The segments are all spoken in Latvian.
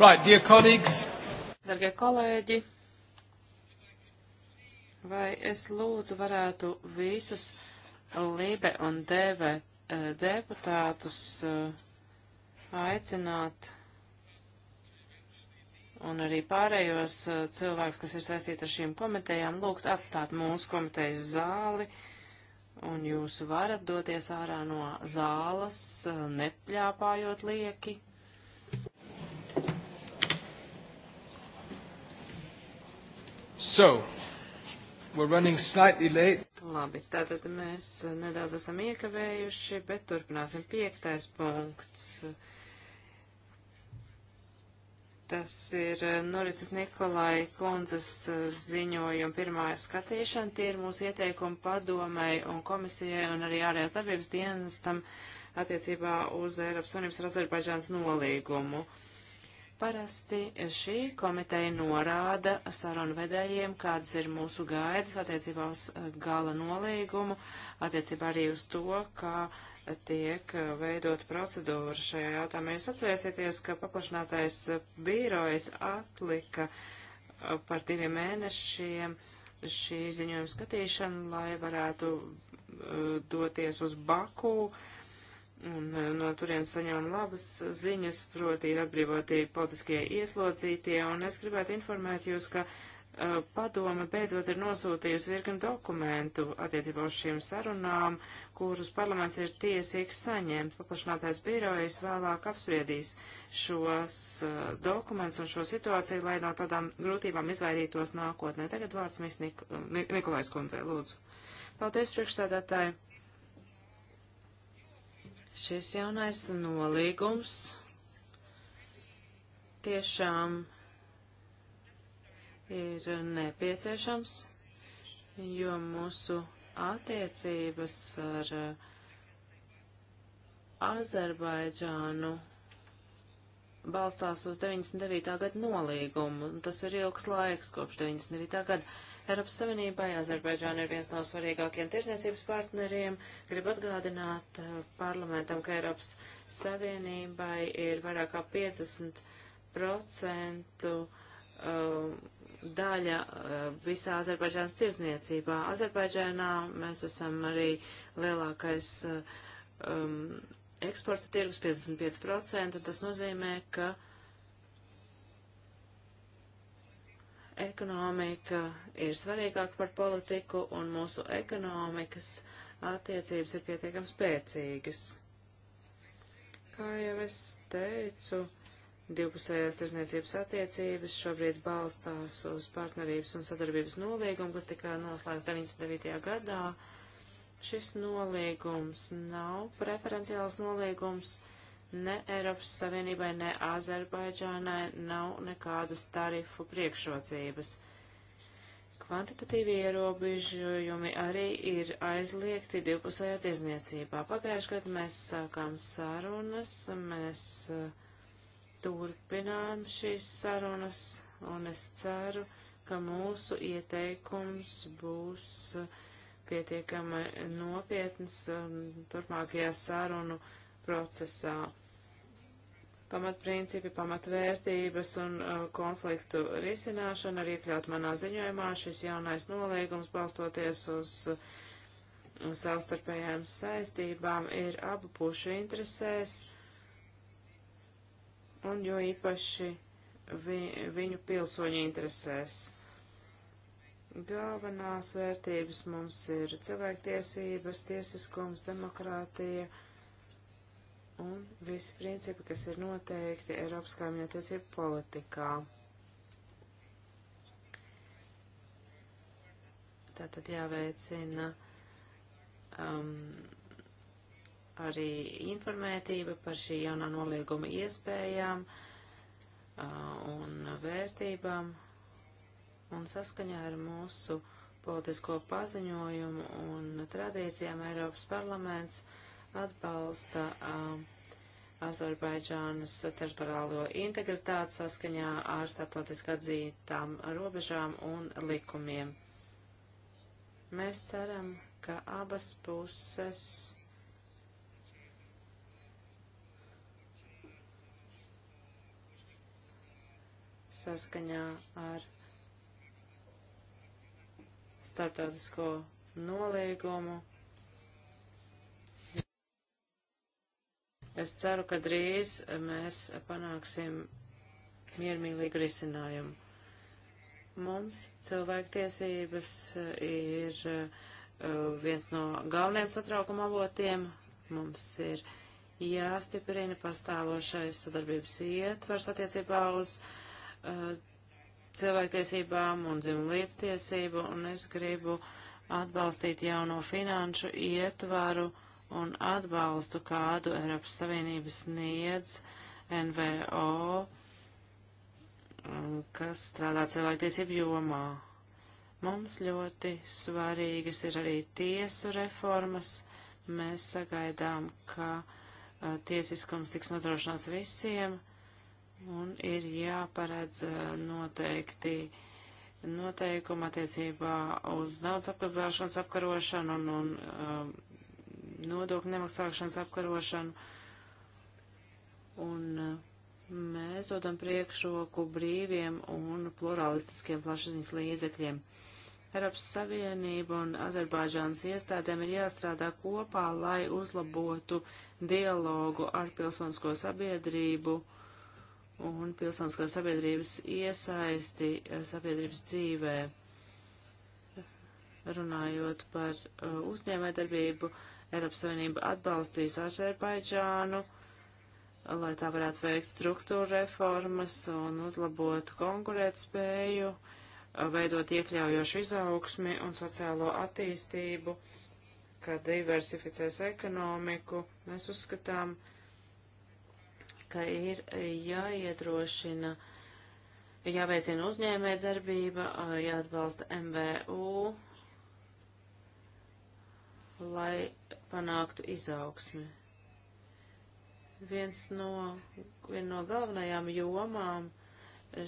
Right, dear colleagues. Dargie kolēģi, vai es lūdzu varētu visus Libe un Deve eh, deputātus eh, aicināt un arī pārējos eh, cilvēkus, kas ir saistīti ar šīm komitejām, lūgt atstāt mūsu komitejas zāli un jūs varat doties ārā no zāles, nepļāpājot lieki. So, we're running slightly late. Labi, tātad mēs nedaudz esam iekavējuši, bet turpināsim piektais punkts. Tas ir Noricas Nikolai kundzes ziņojuma pirmā skatīšana. Tie ir mūsu ieteikumi padomai un komisijai un arī ārējās darbības dienestam attiecībā uz Eiropas Unības un Azerbaidžānas nolīgumu. Uh, Parasti šī komiteja norāda sarunvedējiem, kādas ir mūsu gaidas attiecībā uz eh, gala nolīgumu, attiecībā arī uz to, kā tiek eh, veidot procedūra šajā jautājumā. Jūs atcerēsieties, ka paplašinātais eh, bīrojas atlika par diviem mēnešiem šī ziņojuma skatīšanu, lai varētu doties uz Baku. Uh, Un eh, no turienes saņemam labas ziņas, proti ir atbrīvotie politiskie ieslodzītie, un es gribētu informēt jūs, ka uh, padome beidzot ir nosūtījusi virkni dokumentu attiecībā uz šīm sarunām, kurus parlaments ir tiesīgs saņemt. Paplašinātais birojas vēlāk apspriedīs šos uh, dokumentus un šo situāciju, lai no tādām grūtībām izvairītos nākotnē. Tagad vārds Miss Nik Nikolais kundzei, lūdzu. Paldies, priekšsēdētāji! Šis jaunais nolīgums tiešām ir nepieciešams, jo mūsu attiecības ar uh, Azerbaidžānu balstās uz 99. gada nolīgumu, un tas ir ilgs laiks kopš 99. gada. Eiropas Savienībai. Azerbaidžāna ir viens no svarīgākiem tirsniecības partneriem. Gribu atgādināt uh, parlamentam, ka Eiropas Savienībai ir vairāk kā 50% um, daļa uh, visā Azerbaidžānas tirzniecībā. Azerbaidžānā mēs esam arī lielākais uh, um, eksporta tirgus 55%, un tas nozīmē, ka uh, ekonomika ir svarīgāka par politiku, un mūsu ekonomikas attiecības ir pietiekami spēcīgas. Kā jau es teicu, divpusējās tirzniecības attiecības šobrīd balstās uz partnerības un sadarbības nolīgumu, kas tika noslēgts 99. gadā. Šis nolīgums nav preferenciāls nolīgums, Ne Eiropas Savienībai, ne Azerbaidžānai nav nekādas tarifu priekšrocības. Kvantitatīvi ierobežojumi arī ir aizliegti divpusējā tirzniecībā. Pagājušajā gadā mēs sākām sarunas, mēs eh, turpinām šīs sarunas, un es ceru, ka mūsu ieteikums būs eh, pietiekami nopietns turpmākajā sarunu procesā. Pamatprincipi, pamatvērtības un uh, konfliktu risināšana arī iekļaut manā ziņojumā. Šis jaunais nolīgums balstoties uz uh, savstarpējām saistībām ir abu pušu interesēs un jo īpaši vi, viņu pilsoņu interesēs. Galvenās vērtības mums ir cilvēktiesības, tiesiskums, demokrātija un visi principi, kas ir noteikti Eiropas kaimiņotiecību politikā. Tātad jāveicina um, arī informētība par šī jaunā nolieguma iespējām uh, un vērtībām un saskaņā ar mūsu politisko paziņojumu un tradīcijām Eiropas parlaments uh, atbalsta Azerbaidžānas teritoriālo integritāti saskaņā ar starptautiski atzītām robežām un likumiem. Mēs ceram, ka abas puses saskaņā ar starptautisko noliegumu Es ceru, ka drīz mēs panāksim miermīlīgu risinājumu. Mums cilvēktiesības ir uh, viens no galvenajiem satraukuma avotiem. Mums ir jāstiprina pastāvošais sadarbības ietvars attiecībā uz uh, cilvēktiesībām un dzimumu līdztiesību, un es gribu atbalstīt jauno finanšu ietvaru uh, un atbalstu, kādu Eiropas Savienības sniedz NVO, eh, kas strādā cilvēktiesību jomā. Mums ļoti svarīgas ir arī tiesu reformas. Mēs sagaidām, ka a, eh, tiesiskums tiks nodrošināts visiem un ir jāparedz eh, noteikti noteikuma attiecībā uz naudas apkazāšanas apkarošanu un, un um, nodokļu nemaksāšanas apkarošanu. Un uh, mēs dodam priekšroku brīviem un pluralistiskiem plašsaziņas līdzekļiem. Eiropas Savienība un Azerbaidžānas iestādēm ir jāstrādā kopā, lai uzlabotu dialogu ar pilsonisko sabiedrību un pilsoniskās sabiedrības iesaisti eh, sabiedrības dzīvē. Runājot par eh, uzņēmējdarbību, Eiropas Savienība atbalstīs Azerbaidžānu, lai tā varētu veikt struktūra reformas un uzlabot konkurētspēju, veidot iekļaujošu izaugsmi un sociālo attīstību, kā diversificēs ekonomiku. Mēs uzskatām, ka ir jāiedrošina jāveicina uzņēmē darbība, jāatbalsta MVU, lai panāktu izaugsmi. Viens no, viena no galvenajām jomām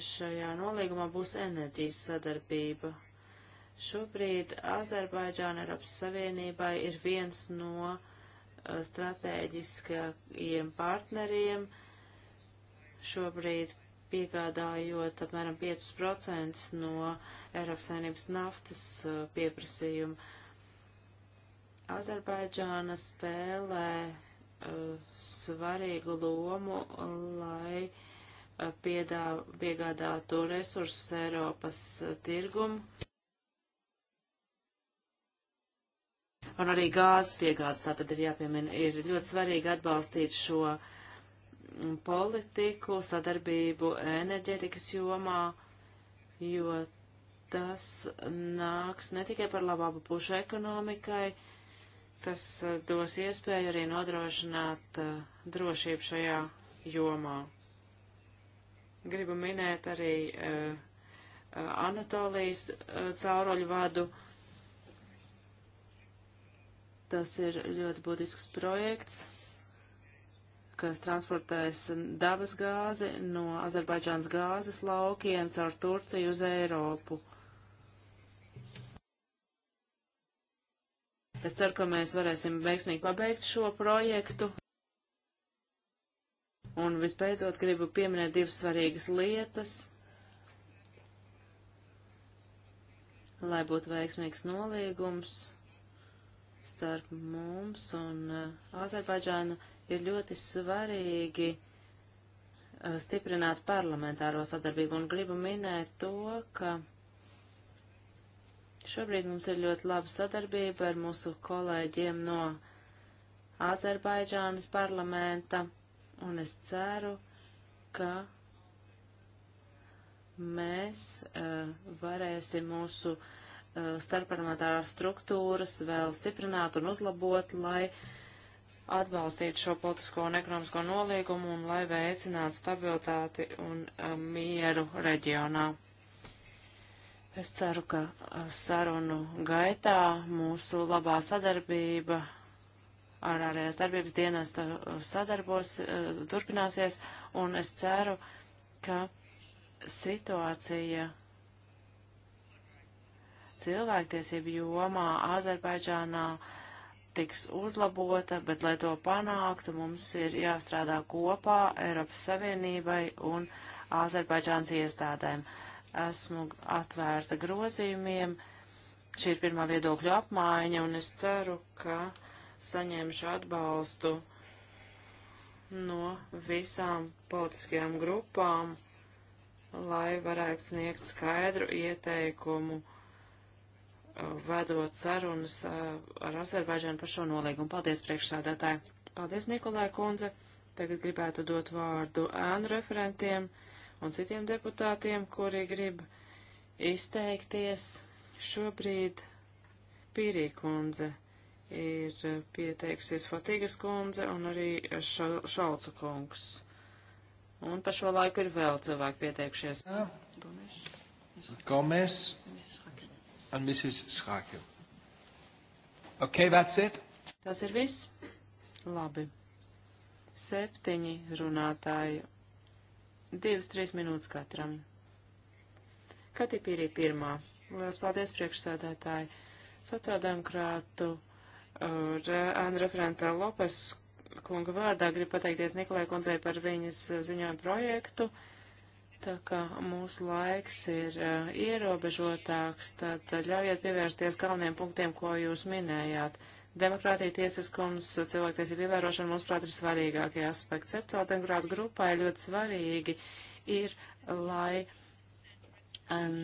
šajā nolīgumā būs enerģijas sadarbība. Šobrīd Azerbaidžāna Eiropas Savienībai ir viens no eh, stratēģiskajiem partneriem, šobrīd piegādājot apmēram 5% no Eiropas Savienības naftas eh, pieprasījuma. Azerbaidžāna spēlē uh, svarīgu lomu, lai uh, piedā, piegādātu resursus Eiropas uh, eh, tirgumu. Un arī gāzes piegādes, tā tad ir jāpiemina, ir ļoti svarīgi atbalstīt šo mm, politiku, sadarbību enerģetikas jomā, jo tas nāks ne tikai par labābu pušu ekonomikai, uh, Tas eh, dos iespēju arī nodrošināt uh, drošību šajā jomā. Gribu minēt arī uh, Anatolijas uh, cauroļu vadu. Tas ir ļoti būtisks projekts, kas transportēs dabas gāzi no Azerbaidžānas gāzes laukiem caur Turciju uz Eiropu. Es ceru, ka mēs varēsim veiksmīgi pabeigt šo projektu. Un visbeidzot gribu pieminēt divas svarīgas lietas, lai būtu veiksmīgs nolīgums starp mums un uh, Azerbaidžānu ir ļoti svarīgi uh, stiprināt parlamentāro sadarbību un gribu minēt to, ka Šobrīd mums ir ļoti laba sadarbība ar mūsu kolēģiem no Azerbaidžānas parlamenta, un es ceru, ka mēs uh, varēsim mūsu uh, starpparlamentārās struktūras vēl stiprināt un uzlabot, lai atbalstītu šo politisko un ekonomisko nolīgumu un lai veicinātu stabilitāti un uh, mieru reģionā. Es ceru, ka sarunu gaitā mūsu labā sadarbība ar ārējās darbības dienestu sadarbos turpināsies, un es ceru, ka situācija cilvēktiesību jomā Azerbaidžānā tiks uzlabota, bet, lai to panāktu, mums ir jāstrādā kopā Eiropas Savienībai un Azerbaidžāns iestādēm. Uh, Esmu atvērta grozījumiem. Šī ir pirmā viedokļa apmaiņa, un es ceru, ka saņemšu atbalstu no visām politiskajām grupām, lai varētu sniegt skaidru ieteikumu, uh, vedot sarunas uh, ar Azerbaidžanu par šo nolīgumu. Paldies, priekšsādātāji! Paldies, Nikolai Kundze! Tagad gribētu dot vārdu ēnu referentiem un citiem deputātiem, kuri grib izteikties. Šobrīd Pīrī kundze ir pieteikusies Fotīgas kundze un arī šo, Šalca kungs. Un pa šo laiku ir vēl cilvēki pieteikušies. Jā. Gomez and Mrs. Schake. Okay, that's it. Tas ir viss. Labi. Septiņi runātāji Divas, trīs minūtes katram. Katipīrī pirmā. Lielas paldies priekšsādātāji. Sociāldemokrātu uh, Andra Frantā Lopes kunga vārdā gribu pateikties Nikolai kundzei par viņas ziņojumu projektu. Tā kā mūsu laiks ir uh, ierobežotāks, tad ļaujiet pievērsties galveniem punktiem, ko jūs minējāt. Demokrātija, tiesiskums, cilvēktiesība ievērošana, mūsuprāt, ir svarīgākie aspekti. Septodemokrāta grupai ļoti svarīgi ir, lai um,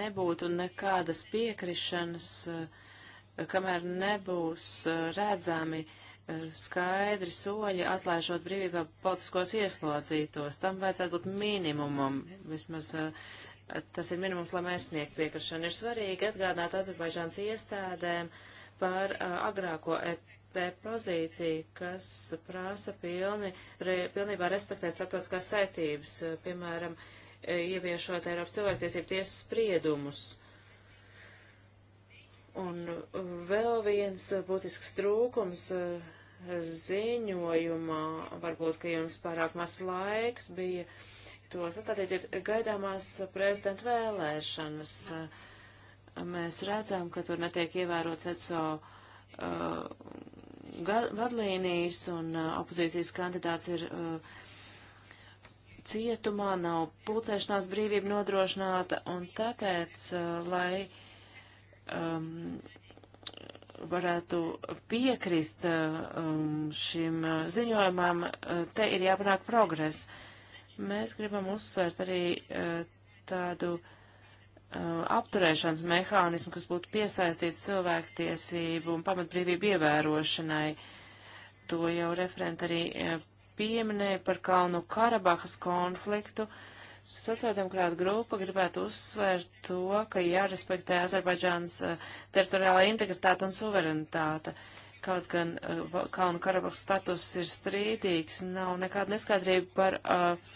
nebūtu nekādas piekrišanas, uh, kamēr nebūs uh, redzami uh, skaidri soļi atlaižot brīvībā politiskos ieslodzītos. Tam vajadzētu būt minimumam, vismaz tas ir minimums, lai mēs sniegtu piekrišanu. Ir svarīgi atgādināt Azerbaidžānas iestādēm, uh, par uh, agrāko EP pozīciju, kas prasa pilni, re, pilnībā respektēt starptautiskās saitības, uh, piemēram, ieviešot Eiropas cilvēktiesību tiesas spriedumus. Un vēl viens būtisks trūkums ziņojumā, varbūt, ka jums pārāk maz laiks bija to sastādīt, ir gaidāmās prezidenta vēlēšanas. Uh, mēs redzam, ka tur netiek ievērots ECO uh, vadlīnijas un uh, opozīcijas kandidāts ir uh, cietumā, nav pulcēšanās brīvība nodrošināta un tāpēc, uh, lai um, varētu piekrist uh, um, šim uh, ziņojumam, te ir jāpanāk progress. Mēs gribam uzsvērt arī tādu uh, Uh, apturēšanas mehānismu, kas būtu piesaistīts cilvēktiesību un pamatbrīvību ievērošanai. To jau referenta arī uh, pieminēja par Kalnu Karabahas konfliktu. Sociāldemokrāta grupa gribētu uzsvērt to, ka jārespektē Azerbaidžānas uh, teritoriālā integritāte un suverenitāte. Uh, Kaut gan uh, Kalnu Karabahas status ir strīdīgs, nav nekāda neskaidrība par uh,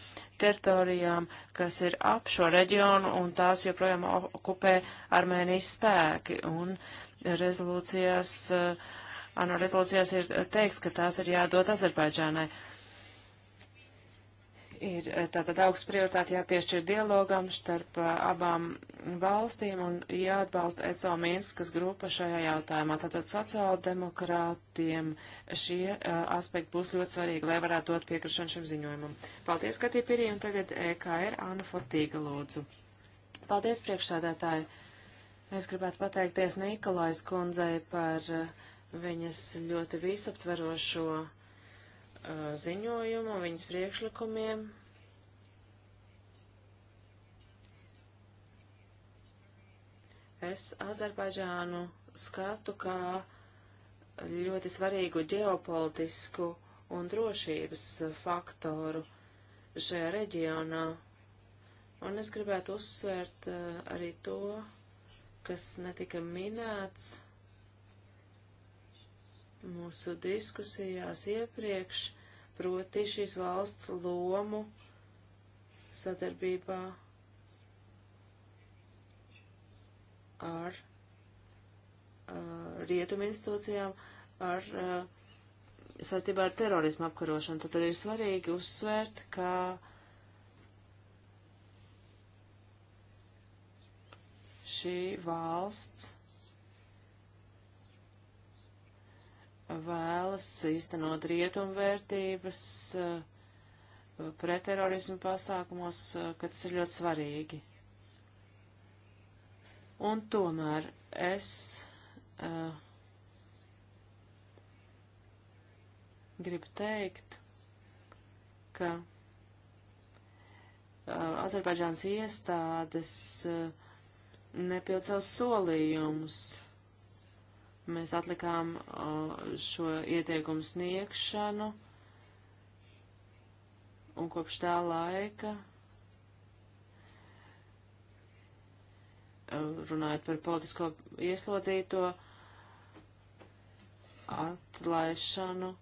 teritorijām, kas ir ap šo reģionu, un tās joprojām okupē Armēnijas spēki. Un rezolūcijās, uh, ano rezolūcijās ir teikts, ka tās ir jādod Azerbaidžānai. Uh, Ir eh, tātad augsts prioritāti jāpiešķir dialogam starp eh, abām valstīm un jāatbalsta ECO Minskas grupa šajā jautājumā. Tātad sociāldemokrātiem šie uh, aspekti būs ļoti svarīgi, lai varētu dot piekrišanu šim ziņojumam. Paldies, Katī Pirī, un tagad EKR Anna Fotīga lūdzu. Paldies, priekšsādātāji. Es gribētu pateikties Nikolais kundzei par uh, viņas ļoti visaptverošo Uh, ziņojumu un viņas priekšlikumiem. Es Azerbaidžānu skatu kā ļoti svarīgu ģeopolitisku un drošības faktoru šajā reģionā. Un es gribētu uzsvērt uh, arī to, kas netika minēts mūsu diskusijās iepriekš, proti šīs valsts lomu sadarbībā ar uh, rietumu institūcijām, ar uh, saistībā ar terorismu apkarošanu. Tad, tad ir svarīgi uzsvērt, ka šī valsts vēlas īstenot rietumvērtības eh, pretterorismu pasākumos, eh, ka tas ir ļoti svarīgi. Un tomēr es uh, gribu teikt, ka uh, Azerbaidžāns iestādes uh, nepild savus solījumus. Mēs atlikām uh, šo ieteikumu sniegšanu, un kopš tā laika, uh, runājot par politisko ieslodzīto, atlaišanu. Uh,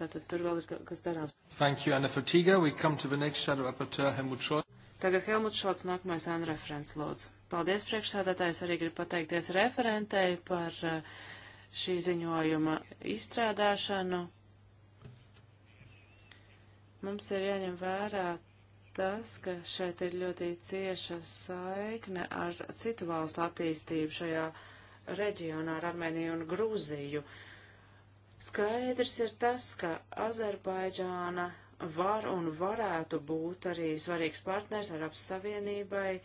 tātad tur vēl ir kas darāms. Thank you, Anna Fortiga. We come to the next shadow rapporteur, Helmut Scholz. Tagad Helmuts Šots nākamais Anna referents lūdzu. Paldies priekšsādātājs, arī gribu pateikties referentei par eh, šī ziņojuma izstrādāšanu. Mums ir jāņem vērā tas, ka šeit ir ļoti cieša saikne ar citu valstu attīstību šajā reģionā ar Armēniju un Grūziju. Skaidrs ir tas, ka Azerbaidžāna var un varētu būt arī svarīgs partners Eiropas Savienībai.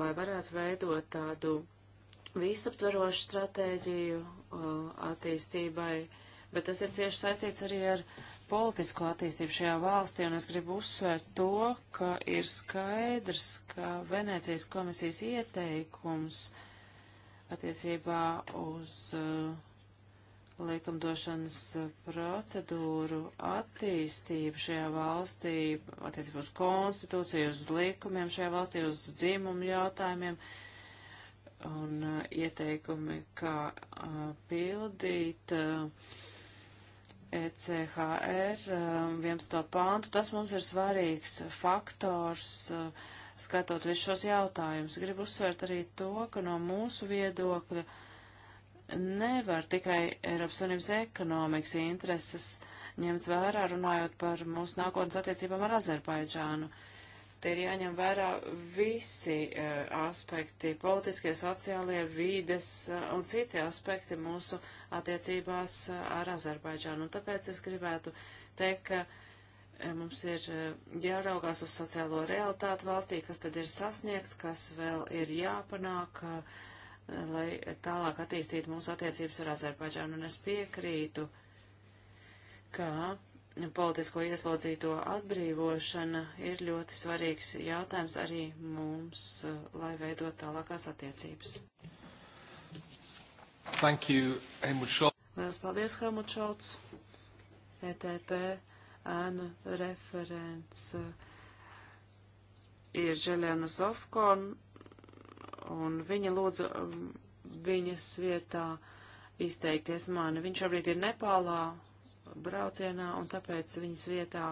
lai varētu veidot tādu visaptverošu stratēģiju uh, attīstībai, bet tas ir cieši saistīts arī ar politisko attīstību šajā valstī, un es gribu uzsvērt to, ka ir skaidrs, ka Venēcijas komisijas ieteikums attiecībā uz uh, likumdošanas eh, procedūru attīstību šajā valstī, attiecībā uz konstitūciju, uz likumiem šajā valstī, uz dzimumu jautājumiem un uh, ieteikumi, kā uh, pildīt uh, ECHR 11. pāntu. Tas mums ir svarīgs faktors, skatot visus šos jautājumus. Gribu uzsvērt arī to, ka no mūsu viedokļa. Uh, nevar tikai Eiropas Savienības ekonomikas intereses ņemt vērā, runājot par mūsu nākotnes attiecībām ar Azerbaidžānu. Te ir jāņem vērā visi uh, aspekti - politiskie, sociālie, vīdes uh, un citi aspekti mūsu attiecībās uh, ar Azerbaidžānu. Un tāpēc es gribētu teikt, ka uh, mums ir uh, jāraugās uz sociālo realitāti valstī, kas tad ir sasniegts, kas vēl ir jāpanāk. Uh, lai tālāk attīstītu mūsu attiecības ar Azerbaidžānu. Un es piekrītu, ka politisko ieslodzīto atbrīvošana ir ļoti svarīgs jautājums arī mums, lai veidot tālākās attiecības. Thank you, Helmut Scholz. Lielas paldies, Helmut Šolts. ETP ēnu referents uh, ir Želena Zofkon un viņa lūdzu um, viņas vietā izteikties mani. Viņš šobrīd ir Nepālā braucienā, un tāpēc viņas vietā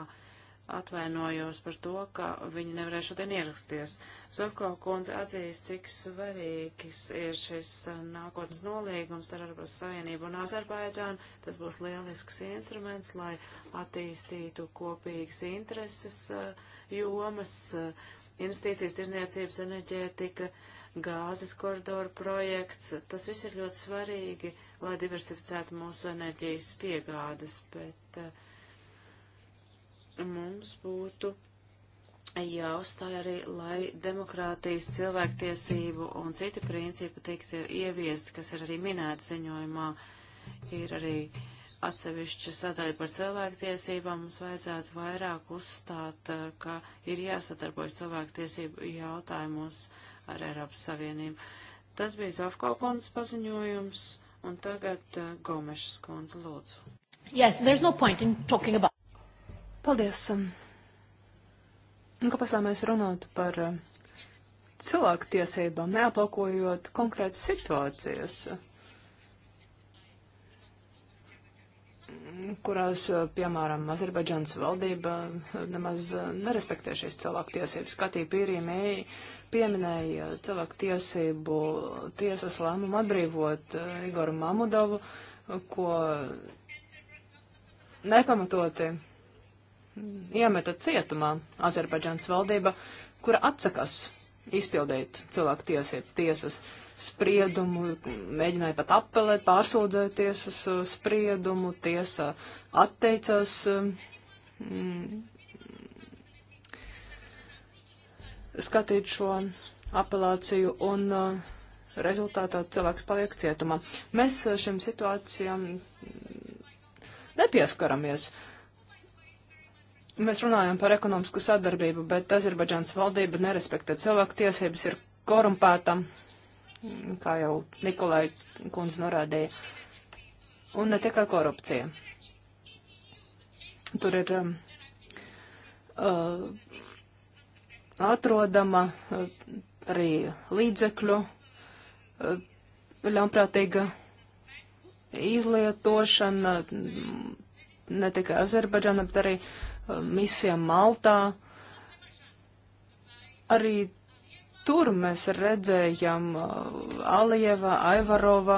atvainojos par to, ka viņi nevarēja šodien ieraksties. Sofko kundze atzīst, cik svarīgs ir šis uh, nākotnes nolīgums ar Arabas Savienību un Azerbaidžānu. Tas būs lielisks instruments, lai attīstītu kopīgas intereses uh, jomas, uh, investīcijas, tirzniecības, enerģētika, uh, gāzes koridoru projekts. Tas viss ir ļoti svarīgi, lai diversificētu mūsu enerģijas piegādes, bet eh, mums būtu jāuzstāj arī, lai demokrātijas, cilvēktiesību un citi principi tiktu ieviesti, kas ir arī minēti ziņojumā. Ir arī atsevišķa sadaļa par cilvēktiesībām, mums vajadzētu vairāk uzstāt, eh, ka ir jāsadarbojas cilvēktiesību jautājumos. Uh, ar Eiropas Savienību. Tas bija Zafko kundzes paziņojums, un tagad uh, Gomešas kundze lūdzu. Yes, there's no point in talking about. Paldies. Un um, nu, kāpēc, lai mēs runātu par uh, cilvēku tiesībām, neaplakojot konkrētas situācijas? kurās, eh, piemēram, Azerbaidžānas valdība eh, nemaz eh, nerespektē šīs cilvēktiesības. Katīna Pīrīmēji pieminēja cilvēktiesību tiesas lēmumu atbrīvot Igoru Mamudovu, ko nepamatoti iemeta cietumā Azerbaidžānas valdība, kura atsakās izpildīt cilvēktiesību tiesas. Uh, spriedumu, mēģināja pat apelēt, pārsūdzēt tiesas uh, spriedumu, tiesa atteicās. Um, mm, skatīt šo apelāciju un uh, rezultātā cilvēks paliek cietumā. Mēs uh, šim situācijām nepieskaramies. Mēs runājam par ekonomisku sadarbību, bet Azerbaidžānas valdība nerespektē cilvēku tiesības, ir korumpēta, kā jau Nikolai kundze norādīja, un ne tikai korupcija. Tur ir um, uh, atrodama uh, arī līdzekļu uh, ļaunprātīga izlietošana mm, ne tikai Azerbaidžana, bet arī uh, misija Maltā. Arī Tur mēs redzējām uh, Alieva, Aivarova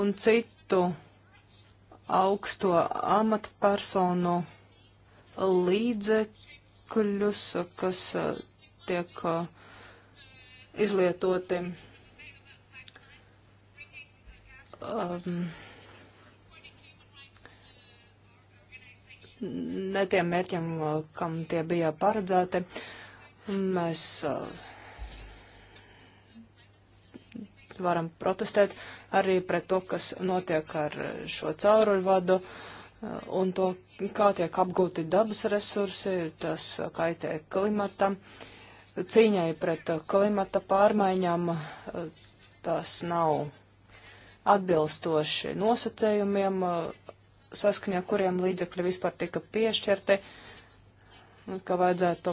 un citu augsto amatpersonu līdzekļus, kas uh, tiek uh, izlietoti um, ne tiem mērķiem, kam tie bija paredzēti. Mēs uh, varam protestēt arī pret to, kas notiek ar šo cauruļvadu eh, un to, kā tiek apgūti dabas resursi, tas kaitē klimatam. Cīņai pret klimata pārmaiņām eh, tas nav atbilstoši nosacējumiem, eh, saskaņā kuriem līdzekļi vispār tika piešķirti, ka vajadzētu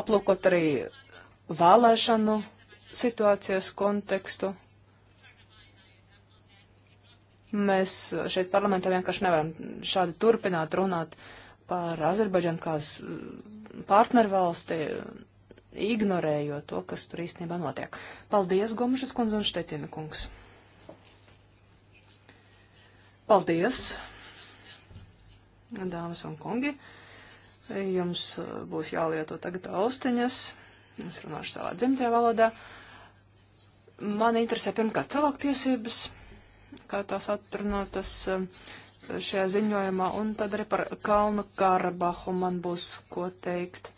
aplūkot arī vēlēšanu situācijas kontekstu. Mēs šeit parlamentā vienkārši nevaram šādi turpināt runāt par Azerbaidžanu kā partnervalsti, ignorējot to, kas tur īstenībā notiek. Paldies, Gomšas kundze un Štetina kungs. Paldies, dāmas un kungi. Jums būs jālieto tagad austiņas. Es runāšu savā dzimtajā valodā. Uh, Man interesē pirmkārt cilvēktiesības, kā tās atrunātas eh, šajā ziņojumā, un tad arī par Kalnu Karabahu man būs ko teikt.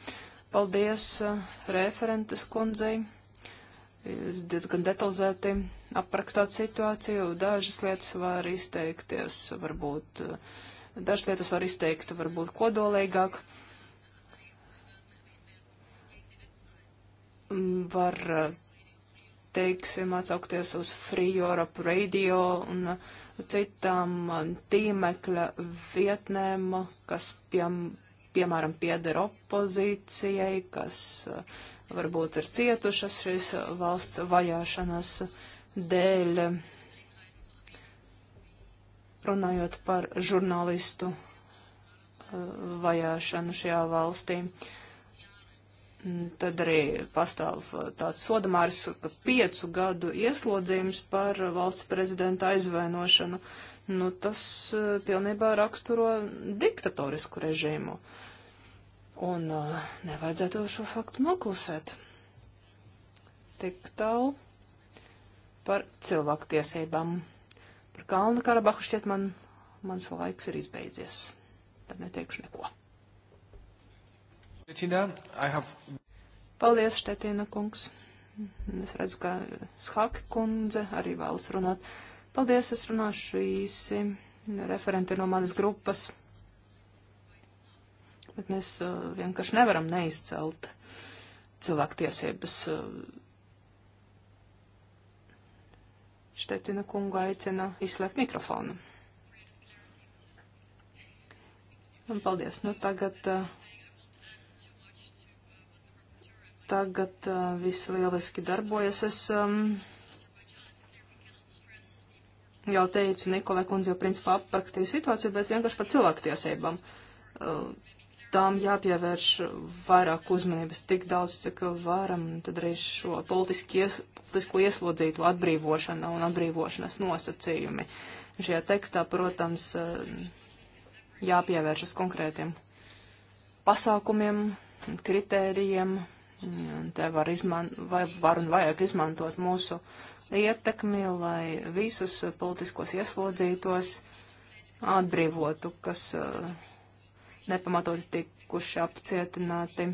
Paldies eh, referentes kundzei. Jūs diezgan detalizēti aprakstāt situāciju. Dažas lietas var izteikties, varbūt, eh, dažas lietas var izteikt, varbūt kodolīgāk. Mm, var teiksim, atsaukties uz Free Europe Radio un citām um, tīmekļa vietnēm, kas piem, piemēram pieder opozīcijai, kas uh, varbūt ir cietušas šīs valsts vajāšanas dēļ. Runājot par žurnālistu uh, vajāšanu šajā valstī. Uh, Tad arī pastāv uh, tāds sodamārs, ka piecu gadu ieslodzījums par uh, valsts prezidenta aizvainošanu. Nu, tas uh, pilnībā raksturo diktatorisku režīmu. Un nevajadzētu šo faktu noklusēt. Tik tālu par cilvēktiesībām. Par Kalnu Karabahu šķiet man, mans laiks ir izbeidzies. Tad neteikšu neko. Have... Paldies, Štetina kungs. Es redzu, ka Schaka kundze arī vēlas runāt. Paldies, es runāšu īsi. Referenti no manas grupas. Bet mēs uh, vienkārši nevaram neizcelt cilvēktiesības. Uh, Štetina kungu aicina izslēgt mikrofonu. Un paldies. Nu, tagad. Uh, tagad uh, viss lieliski darbojas. Es um, jau teicu, Nikolai kundze jau principā aprakstīja situāciju, bet vienkārši par cilvēktiesībām. Uh, tām jāpievērš vairāk uzmanības, tik daudz, cik varam, tad arī šo ies, politisko ieslodzītu atbrīvošana un atbrīvošanas nosacījumi. Šajā tekstā, protams, uh, jāpievēršas konkrētiem pasākumiem, kritērijiem, Un te var, izman, vai var un vajag izmantot mūsu ietekmi, lai visus politiskos ieslodzītos atbrīvotu, kas uh, nepamatoti tikuši apcietināti.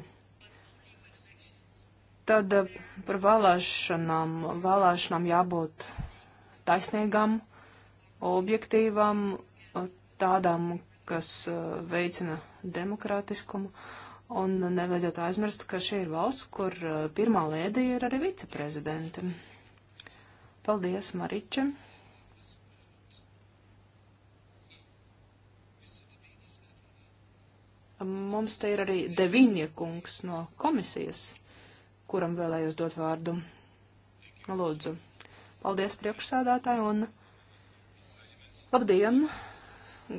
Tad uh, par vēlēšanām. Vēlēšanām jābūt taisnīgām, objektīvām, eh, tādām, kas uh, veicina demokrātiskumu. Uh, Un nevajadzētu aizmirst, ka šī ir valsts, kur uh, pirmā lēdija ir arī viceprezidenta. Paldies, Mariče. Mums te ir arī Deviņa kungs no komisijas, kuram vēlējos dot vārdu. Lūdzu. Paldies priekšsēdētāji un labdien,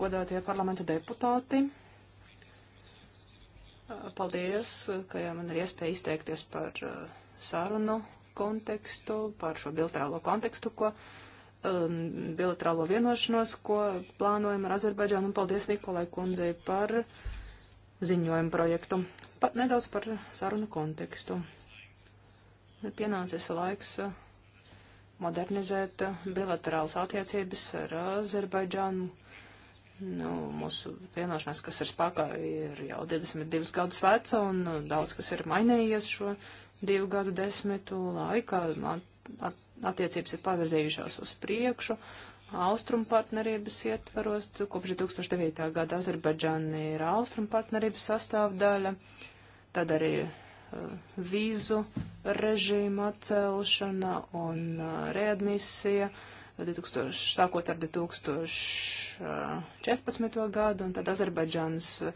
godātie parlamenta deputāti. Paldies, ka jā, man ir iespēja izteikties par uh, sarunu kontekstu, par šo bilaterālo kontekstu, ko um, bilaterālo vienošanos, ko plānojam ar Azerbaidžānu, un paldies Nikolai kundzei par ziņojumu projektu. Pat nedaudz par sarunu kontekstu. Ir nu, pienācis laiks uh, modernizēt uh, bilaterālas attiecības ar Azerbaidžānu Nu, mūsu vienošanās, kas ir spēkā, ir jau 22 gadus veca, un uh, daudz kas ir mainījies šo divu gadu desmitu laikā. At, at, attiecības ir pavirzījušās uz priekšu. Austrum partnerības ietvaros, kopš 2009. gada Azerbaidžāna ir Austrum partnerības sastāvdaļa, tad arī uh, vīzu režīma atcelšana un uh, readmisija. Uh, 2000, sākot ar 2014. gadu, un tad Azerbaidžānas eh,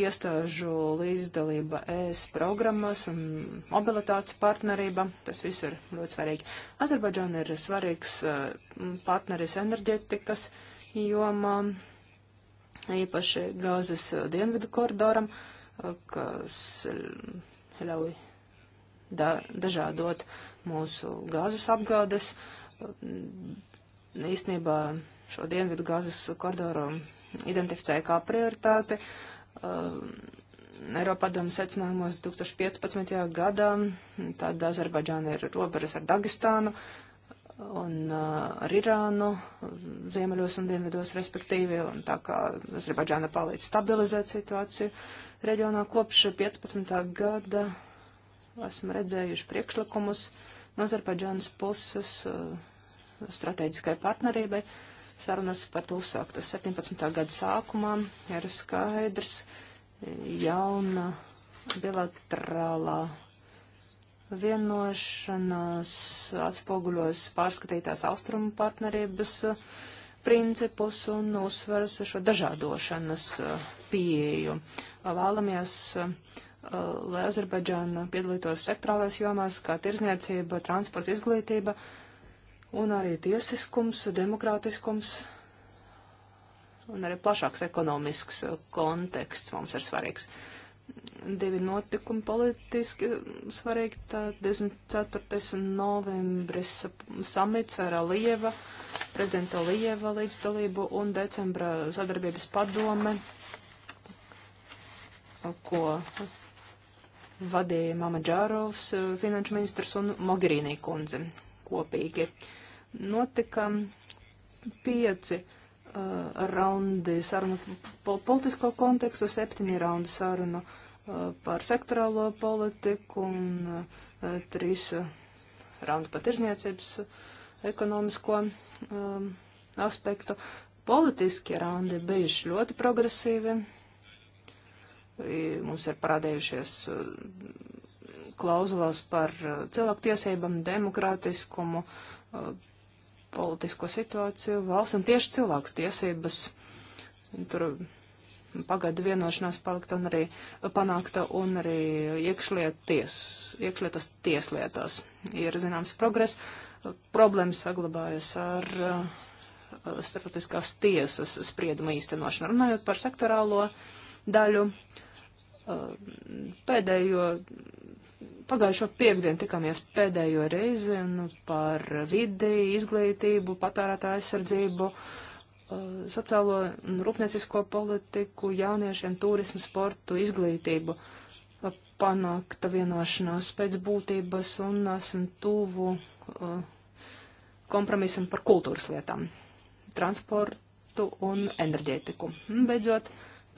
iestāžu līdzdalība ES programmas un mobilitātes partnerība. Tas viss ir ļoti svarīgi. Azerbaidžāna ir svarīgs eh, partneris enerģetikas jomā, īpaši gāzes eh, dienvidu koridoram, kas ļauj da dažādot mūsu gāzes apgādes īstenībā šo dienvidu gāzes koridoru identificēja kā prioritāti. Um, Eiropa padomu secinājumos 2015. gadā, tad Azerbaidžāna ir robežas ar Dagestānu un uh, ar Irānu, ziemeļos un dienvidos respektīvi, un tā kā Azerbaidžāna palīdz stabilizēt situāciju reģionā kopš 15. gada, esam redzējuši priekšlikumus no Azerbaidžānas puses uh, strateģiskai partnerībai. Sarunas par to uzsāktas 17. gada sākumā ir skaidrs jauna bilaterālā vienošanās atspoguļos pārskatītās austrumu partnerības uh, principus un uzsvers šo dažādošanas uh, pieeju. Vēlamies, uh, lai Azerbaidžāna piedalītos sektorālās jomās, kā tirzniecība, transports, izglītība, un arī tiesiskums, demokrātiskums un arī plašāks ekonomisks konteksts mums ir svarīgs. Divi notikumi politiski svarīgi, tā 14. novembris samits ar Lieva, prezidenta Lieva līdzdalību un decembra sadarbības padome, ko vadīja Mama Džārovs, finanšu ministrs un Mogherīnī kundze kopīgi. Notika pieci uh, raundi sarunu politisko kontekstu, septiņi raundi sarunu uh, par sektorālo politiku un uh, trīs uh, raundi par tirzniecības uh, ekonomisko um, aspektu. Politiskie raundi bijuši ļoti progresīvi. Mums ir parādījušies uh, klauzulas par uh, cilvēktiesībām, demokrātiskumu, uh, politisko situāciju valsts un tieši cilvēku tiesības. Tur pagaidu vienošanās palikt un arī panākta un arī iekšlieties, iekšlietas tieslietās ir zināms progress. Problēmas saglabājas ar uh, starptautiskās tiesas spriedumu īstenošanu. Runājot par sektorālo daļu, pēdējo Pagājušo piekdienu tikāmies pēdējo reizi un nu, par vidi, izglītību, patārātā aizsardzību, uh, sociālo un rūpniecisko politiku, jauniešiem, turismu, sportu, izglītību uh, panākta vienošanās pēc būtības un esam tuvu uh, kompromisam par kultūras lietām, transportu un enerģētiku. Beidzot,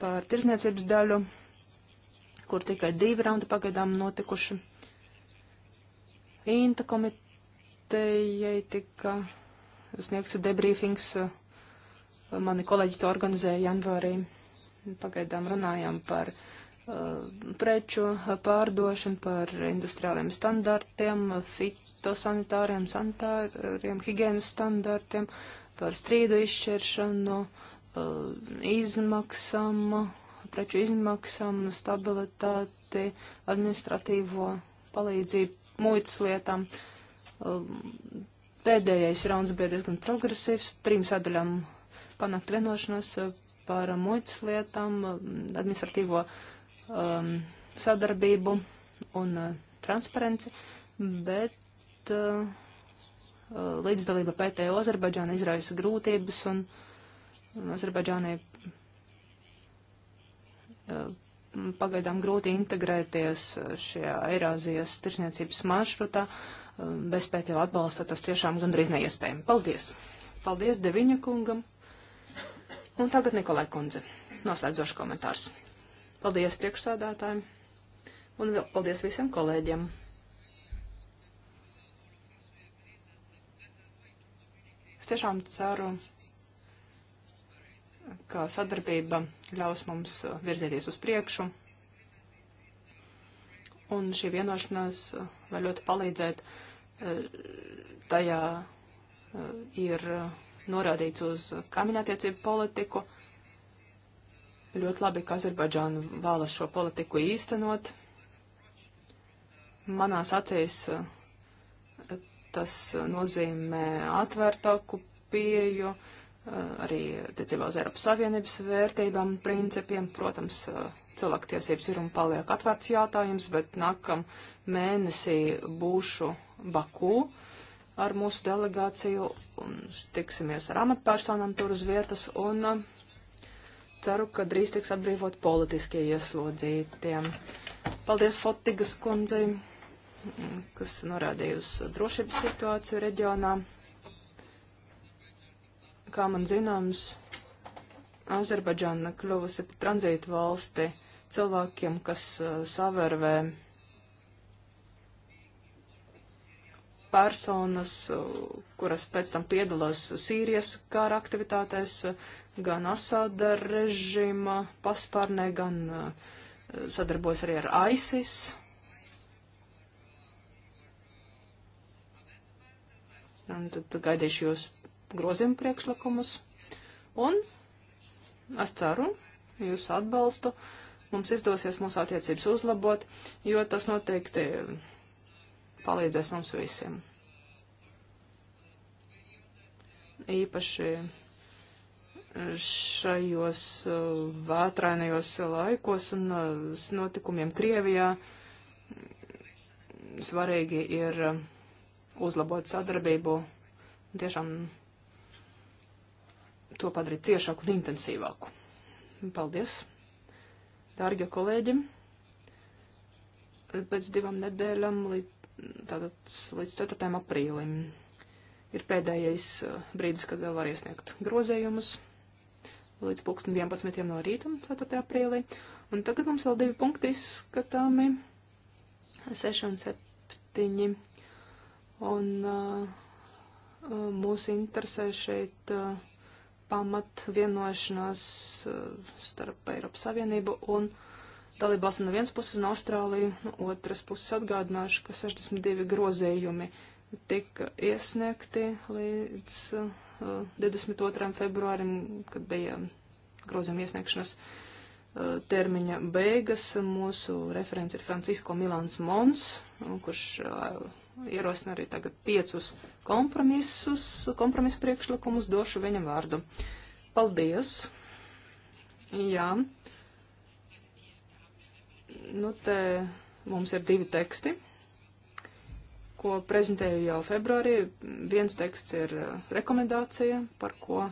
par tirzniecības daļu, kur tikai divi raundi pagaidām notikuši. Inta komitejai tika sniegts debriefings. Eh, mani kolēģi to organizēja janvārī. Pagaidām runājām par uh, preču pārdošanu, par industriāliem standartiem, fitosanitāriem, sanitāriem, higienas standartiem, par strīdu izšķiršanu, uh, izmaksām, preču izmaksām, stabilitāti, administratīvo palīdzību muitas lietām. Um, pēdējais rauns bija diezgan progresīvs, trim sadaļām panākt vienošanos uh, par muitas lietām, um, administratīvo um, sadarbību un uh, transparenci, bet uh, uh līdzdalība PTO Azerbaidžāna izraisa grūtības un, un Azerbaidžānai uh, pagaidām grūti integrēties šajā Eirāzijas tirsniecības maršrutā. Bez pētījuma atbalsta tas tiešām gandrīz neiespējami. Paldies! Paldies Deviņa kungam! Un tagad Nikolai kundze. Noslēdzošs komentārs. Paldies priekšsādātājiem! Un vēl paldies visiem kolēģiem! Es tiešām ceru, ka sadarbība ļaus mums uh, virzīties uz priekšu. Un šī vienošanās uh, var ļoti palīdzēt. Uh, tajā ir norādīts uz kaimiņattiecību politiku. Ļoti labi, ka Azerbaidžāna vēlas šo politiku īstenot. Manās acīs tas nozīmē atvērtāku pieju, uh, arī tiecībā uz Eiropas Savienības vērtībām, principiem. Protams, eh, cilvēktiesības ir un paliek atvērts jautājums, bet nākam mēnesī būšu Bakū ar mūsu delegāciju un tiksimies ar amatpersonām tur uz vietas un eh, ceru, ka drīz tiks atbrīvot politiskie ieslodzītie. Paldies Fotigas kundzei, mm, kas norādīja uz drošības situāciju reģionā. Kā man zināms, Azerbaidžāna kļuvusi par tranzītu valsti cilvēkiem, kas uh, savērvē personas, uh, kuras pēc tam piedalās Sīrijas kara aktivitātēs, uh, gan Asada režīma paspārnē, gan uh, sadarbojas arī ar ISIS. Un tad gaidīšu jūs grozījumu priekšlikumus. Un es ceru, jūsu atbalstu mums izdosies mūsu attiecības uzlabot, jo tas noteikti palīdzēs mums visiem. Īpaši šajos uh, vētrainajos laikos un uh, notikumiem Krievijā svarīgi ir uh, uzlabot sadarbību. Tiešām to padarīt ciešāku un intensīvāku. Paldies, dārgie kolēģi! Pēc divām nedēļām, tātad līdz 4. aprīlim, ir pēdējais uh, brīdis, kad vēl var iesniegt grozējumus līdz 11. no rīta, 4. aprīlī. Un tagad mums vēl divi punkti izskatāmi - 6 un 7. Un uh, uh, mūs interesē šeit. Uh, pamat vienošanās eh, starp Eiropas Savienību un dalībās no vienas puses un Austrāliju, no otras puses atgādināšu, ka 62 grozējumi tika iesniegti līdz uh, eh, 22. februārim, kad bija grozījuma iesniegšanas uh, termiņa beigas. Mūsu referents ir Francisko Milans Mons, kurš uh, ierosina arī tagad piecus kompromisus, kompromisu priekšlikumus, došu viņam vārdu. Paldies! Jā. Nu, te mums ir divi teksti, ko prezentēju jau februārī. Viens teksts ir rekomendācija, par ko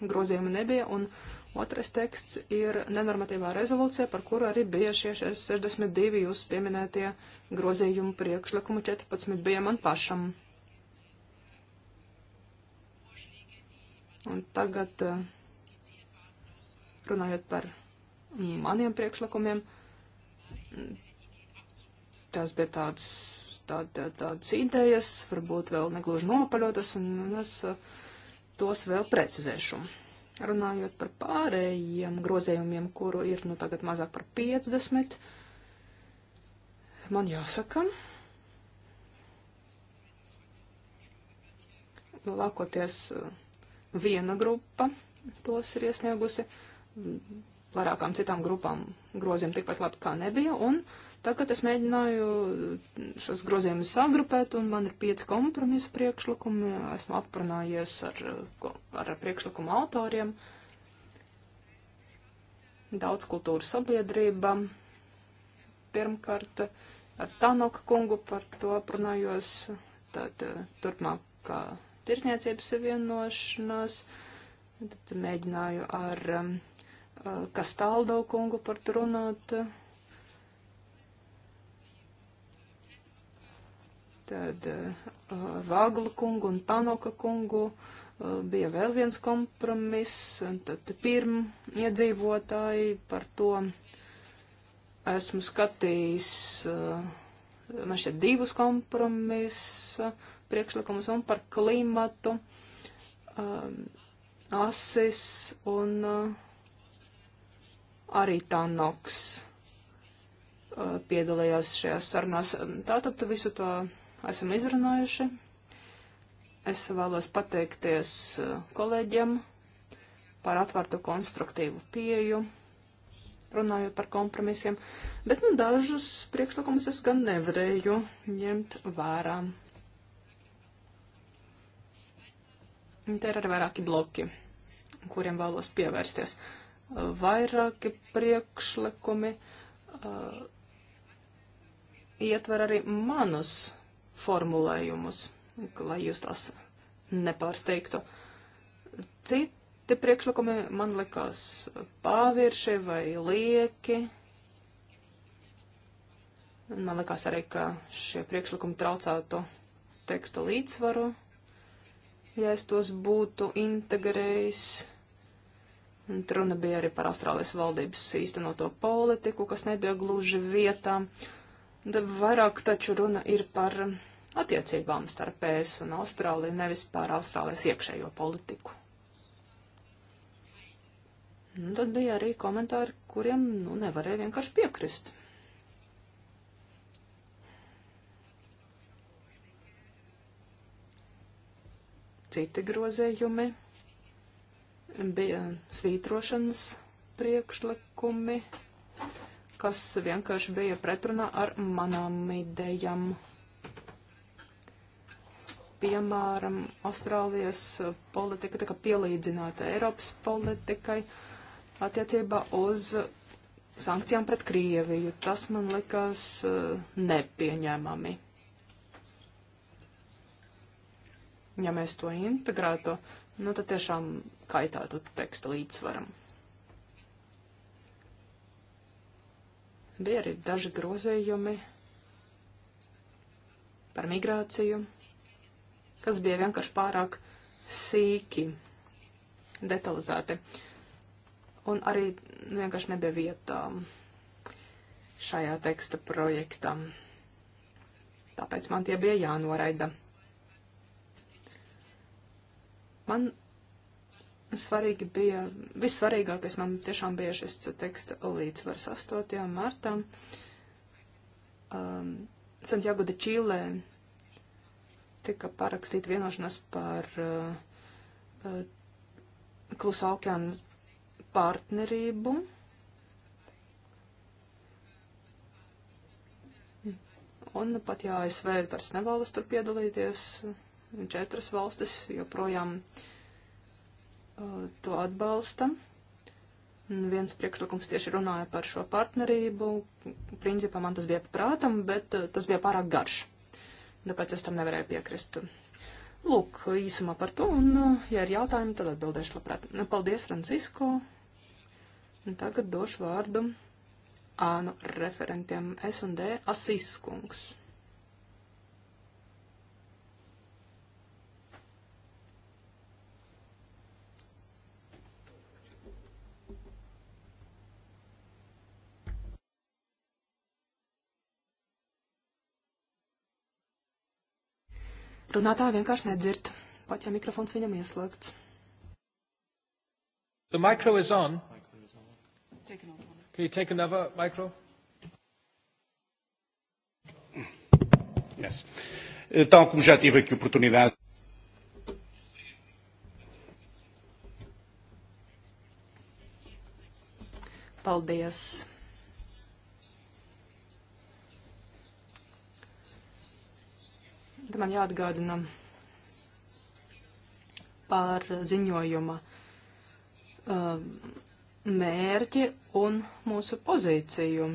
grozījuma nebija, un uh, Otrais teksts ir nenormatīvā rezolūcija, par kuru arī bija šie 62 jūs pieminētie grozījumu priekšlikumu 14 bija man pašam. Un tagad eh, runājot par maniem priekšlikumiem, tās bija tādas, tāda, tādas idejas, varbūt vēl negluži nopaļotas, un es eh, tos vēl precizēšu. Runājot par pārējiem grozējumiem, kuru ir nu tagad mazāk par 50, man jāsaka, nu, lielākoties uh, viena grupa tos ir iesniegusi, vairākām citām grupām grozījumi tikpat labi kā nebija. Un tagad es mēģināju šos grozījumus sagrupēt, un man ir pieci kompromisa priekšlikumi. Esmu aprunājies ar, ar priekšlikumu autoriem. Daudz kultūras sabiedrība. Pirmkārt, ar Tanoka kungu par to aprunājos. Tad eh, turpmākā tirsniecības vienošanās. Tad mēģināju ar um, Uh, kas taldo kungu par to runāt. Tad uh, Vāgla kungu un Tanoka kungu uh, bija vēl viens kompromiss, un tad pirm iedzīvotāji par to esmu skatījis, man šeit divus kompromisa priekšlikumus un par klimatu, um, asis un uh, arī Tanoks uh, piedalījās šajās sarunās. Tātad visu to esam izrunājuši. Es vēlos pateikties uh, kolēģiem par atvartu konstruktīvu pieju, runājot par kompromisiem, bet nu, dažus priekšlikumus es gan nevarēju ņemt vērā. Te ir arī vairāki bloki, kuriem vēlos pievērsties. Uh, vairāki priekšlikumi uh, ietver arī manus formulējumus, lai jūs tās nepārsteigtu. Citi priekšlikumi man likās pāvirši vai lieki. Man likās arī, ka šie priekšlikumi traucētu teksta līdzsvaru, ja es tos būtu integrējis Un runa bija arī par Austrālijas valdības īstenoto politiku, kas nebija gluži vietā. Tad vairāk taču runa ir par attiecībām starp ES un Austrāliju, nevis par Austrālijas iekšējo politiku. Un tad bija arī komentāri, kuriem nu, nevarēja vienkārši piekrist. Citi grozējumi bija svītrošanas priekšlikumi, kas vienkārši bija pretrunā ar manām idejām. Piemēram, Austrālijas politika tika pielīdzināta Eiropas politikai attiecībā uz sankcijām pret Krieviju. Tas man likās eh, nepieņēmami. Ja mēs to integrētu nu tad tiešām kaitātu teksta līdzsvaram. Bija arī daži grozījumi par migrāciju, kas bija vienkārši pārāk sīki, detalizēti. Un arī vienkārši nebija vietā šajā teksta projektā. Tāpēc man tie bija jānoraida. Man svarīgi bija, vissvarīgākais man tiešām bija šis teksta līdzsvars 8. martam. Um, Santiago de Čīlē tika parakstīta vienošanās par uh, uh klusā okeāna partnerību. Un pat ja ASV vairs nevēlas tur piedalīties, uh, Četras valstis joprojām uh, to atbalsta. Un viens priekšlikums tieši runāja par šo partnerību. Principā man tas bija prātam, bet uh, tas bija pārāk garš. Tāpēc es tam nevarēju piekrist. Lūk, īsumā par to, un, uh, ja ir jautājumi, tad atbildēšu labprāt. Nu, paldies, Francisko. Un tagad došu vārdu ānu referentiem S&D Asīs kungs. Runātāju vienkārši nedzird, pat ja mikrofons viņam ieslēgts. The micro is on. Take another one. Can you take another micro? Yes. Então, como já tive aqui oportunidade. Paldies. lieta man jāatgādina par ziņojuma uh, mērķi un mūsu pozīciju.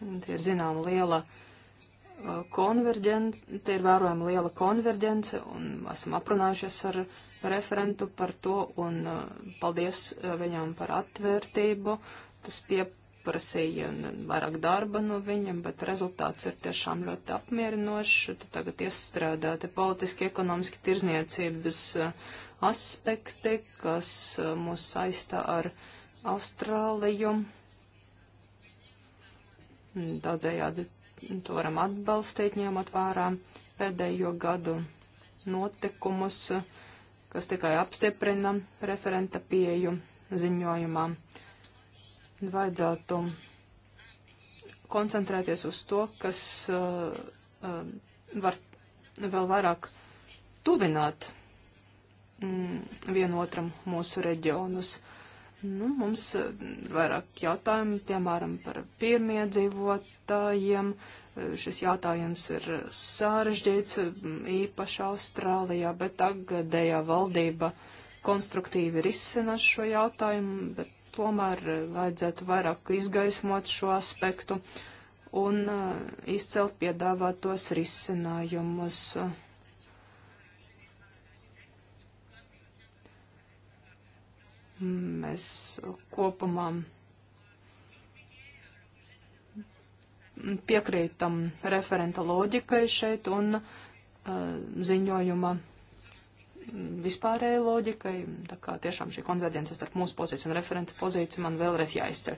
Tie ir zināma liela uh, konverģence, tie ir vērojama liela konverģence un esam aprunājušies ar referentu par to un uh, paldies uh, viņām par atvērtību. Tas pie, prasīja vairāk darba no viņiem, bet rezultāts ir tiešām ļoti apmierinošs. Tad tagad iestrādāti politiski, ekonomiski, tirzniecības uh, aspekti, kas uh, mūs saista ar Austrāliju. Daudzējādi to varam atbalstīt, ņemot vērā pēdējo gadu notikumus, kas tikai apstiprina referenta pieju ziņojumā. Uh, vajadzētu koncentrēties uz to, kas uh, uh, var vēl vairāk tuvināt mm, vienotram mūsu reģionus. Nu, mums ir uh, vairāk jautājumu, piemēram, par pirmiedzīvotājiem. Uh, šis jautājums ir sārežģīts mm, īpaši Austrālijā, bet tagadējā valdība konstruktīvi risina šo jautājumu, bet tomēr eh, vajadzētu vairāk izgaismot šo aspektu un eh, izcelt piedāvātos risinājumus. Mēs kopumā piekrītam referenta loģikai šeit un eh, ziņojuma vispārējai loģikai. Tā kā tiešām šī konverģence starp mūsu pozīciju un referenta pozīciju man vēlreiz jāizcer.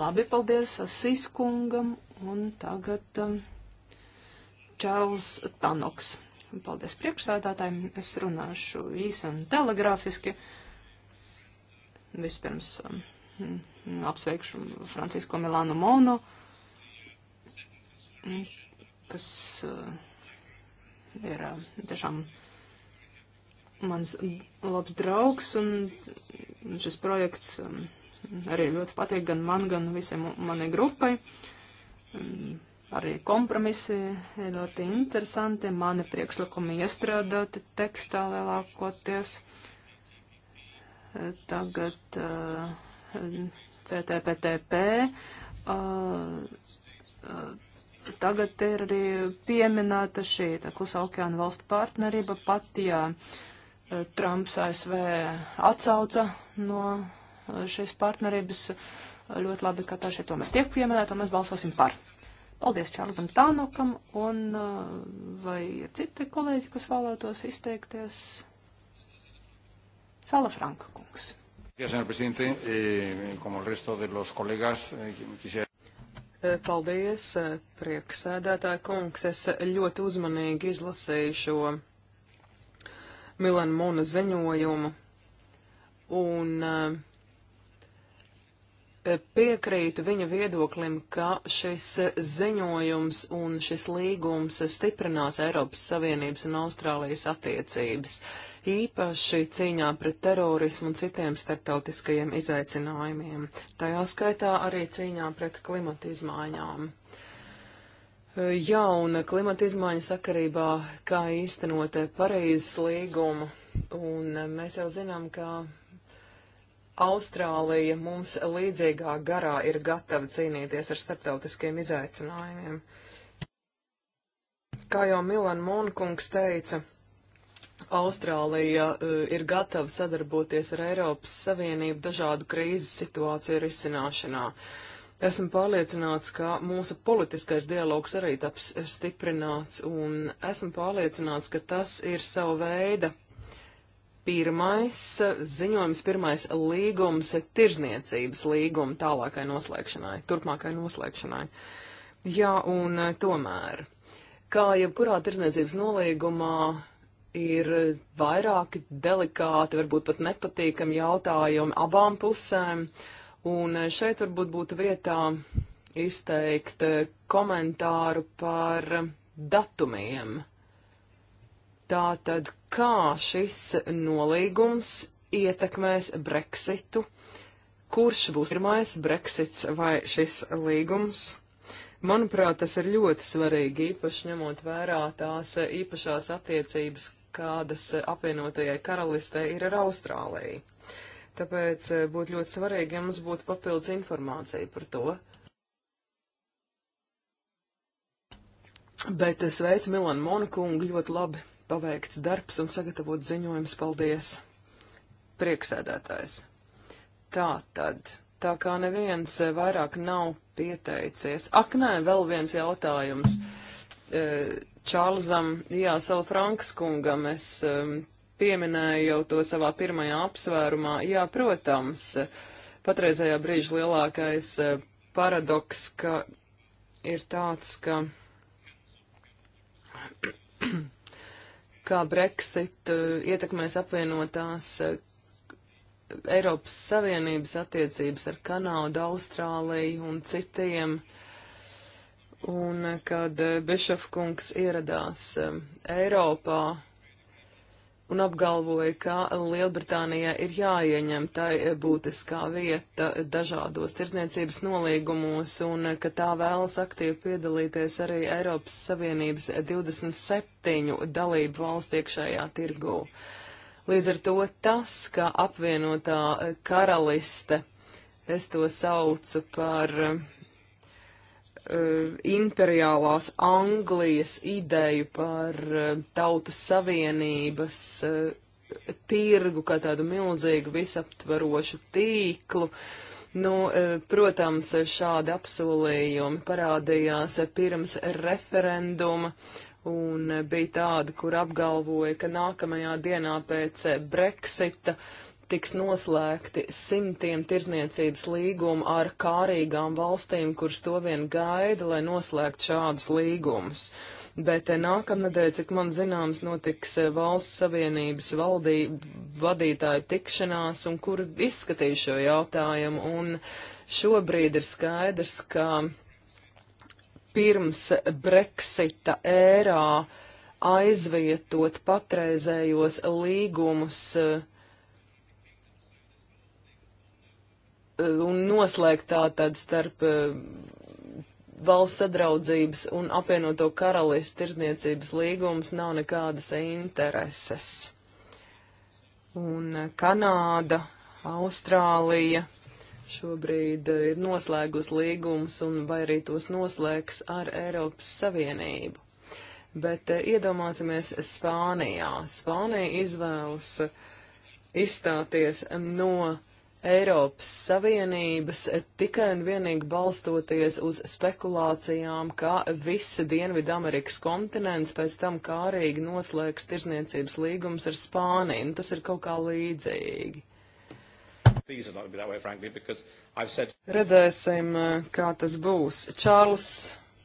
Labi, paldies Siskungam un tagad um, Čārls Tanoks. Paldies priekšsēdātājiem. Es runāšu īsi un telegrāfiski. Vispirms um, apsveikšu Francisko Milānu Mono, kas uh, ir uh, tiešām. Uh, mans labs draugs, un šis projekts um, arī ļoti patīk gan man, gan visiem manai grupai. Um, arī kompromisi ir ļoti interesanti, mani priekšlikumi iestrādāti tekstā lielākoties. Tagad uh, CTPTP. Uh, uh, tagad ir arī pieminēta šī klusā okeāna valstu partnerība pat, jā. Uh, Trumps ASV atsauca no eh, šīs partnerības. Ļoti labi, ka tā šeit tomēr tiek pieminēta, un mēs balsosim par. Paldies Čārlzam Tānokam, un eh, vai ir citi kolēģi, kas vēlētos izteikties? Sala Franka kungs. Eh, paldies, prieksēdētāja kungs. Es ļoti uzmanīgi izlasīju šo Milena Muna ziņojumu. Un eh, piekrītu viņa viedoklim, ka šis ziņojums un šis līgums stiprinās Eiropas Savienības un Austrālijas attiecības, īpaši cīņā pret terorismu un citiem starptautiskajiem izaicinājumiem, tajā skaitā arī cīņā pret klimata izmaiņām. Uh, jauna klimata izmaiņa sakarībā, kā īstenot Parīzes līgumu. Un eh, mēs jau zinām, ka Austrālija mums līdzīgā garā ir gatava cīnīties ar starptautiskiem izaicinājumiem. Kā jau Milan Monkungs teica, Austrālija eh, ir gatava sadarboties ar Eiropas Savienību dažādu krīzes situāciju risināšanā. Uh, Esmu pārliecināts, ka mūsu politiskais dialogs arī taps stiprināts, un esmu pārliecināts, ka tas ir sava veida pirmais ziņojums, pirmais līgums tirzniecības līguma tālākai noslēgšanai, turpmākai noslēgšanai. Jā, un eh, tomēr, kā jebkurā tirzniecības nolīgumā, ir vairāki delikāti, varbūt pat nepatīkami jautājumi abām pusēm. Uh, Un eh, šeit varbūt būtu vietā izteikt eh, komentāru par datumiem. Tātad, kā šis nolīgums ietekmēs Brexitu? Kurš būs pirmais Brexits vai šis līgums? Manuprāt, tas ir ļoti svarīgi, īpaši ņemot vērā tās īpašās attiecības, kādas apvienotajai karalistē ir ar Austrāliju. Tāpēc eh, būtu ļoti svarīgi, ja mums būtu papildus informācija par to. Bet es eh, veicu Milanu Monkungu ļoti labi paveikts darbs un sagatavot ziņojums. Paldies! Prieksēdētājs. Tā tad, tā kā neviens eh, vairāk nav pieteicies. Ak, nē, vēl viens jautājums. Čārlzam, jā, Salfrankas kungam es ehm, pieminēju jau to savā pirmajā apsvērumā. Jā, protams, patreizējā brīža lielākais eh, paradoks, ka ir tāds, ka kā Brexit eh, ietekmēs apvienotās eh, Eiropas Savienības attiecības ar Kanādu, Austrāliju un citiem. Un kad Bišofkungs ieradās Eiropā, un apgalvoja, ka Lielbritānijai ir jāieņem tai būtiskā vieta dažādos tirdzniecības nolīgumos un ka tā vēlas aktīvi piedalīties arī Eiropas Savienības 27 dalību valstu iekšējā tirgū. Līdz ar to tas, ka apvienotā karaliste, es to saucu par uh, Eh, imperiālās Anglijas ideju par eh, tautas savienības eh, tirgu kā tādu milzīgu visaptvarošu tīklu. Nu, protams, šādi apsolījumi parādījās pirms referenduma, un bija tāda, kur apgalvoja, ka nākamajā dienā pēc Brexita uh, tiks noslēgti simtiem tirzniecības līgumu ar kārīgām valstīm, kuras to vien gaida, lai noslēgtu šādus līgumus. Bet eh, nākamnedēļ, cik man zināms, notiks eh, valsts savienības valdību vadītāju tikšanās, un kur izskatīs šo jautājumu. Un šobrīd ir skaidrs, ka pirms Brexita ērā aizvietot patreizējos līgumus uh, Eh, un noslēgt tātad starp eh, valsts sadraudzības un apvienoto karalistu tirzniecības līgums nav nekādas intereses. Un eh, Kanāda, Austrālija šobrīd ir noslēgus līgumus un vai arī tos noslēgs ar Eiropas Savienību. Bet iedomāsimies Spānijā. Spānija izvēlas izstāties no Eiropas Savienības tikai un vienīgi balstoties uz spekulācijām, ka visa Dienvidu Amerikas kontinents pēc tam kārīgi noslēgs tirzniecības līgums ar Spāniju. Nu, tas ir kaut kā līdzīgi. Way, frankly, said... Redzēsim, eh, kā tas būs. Čārls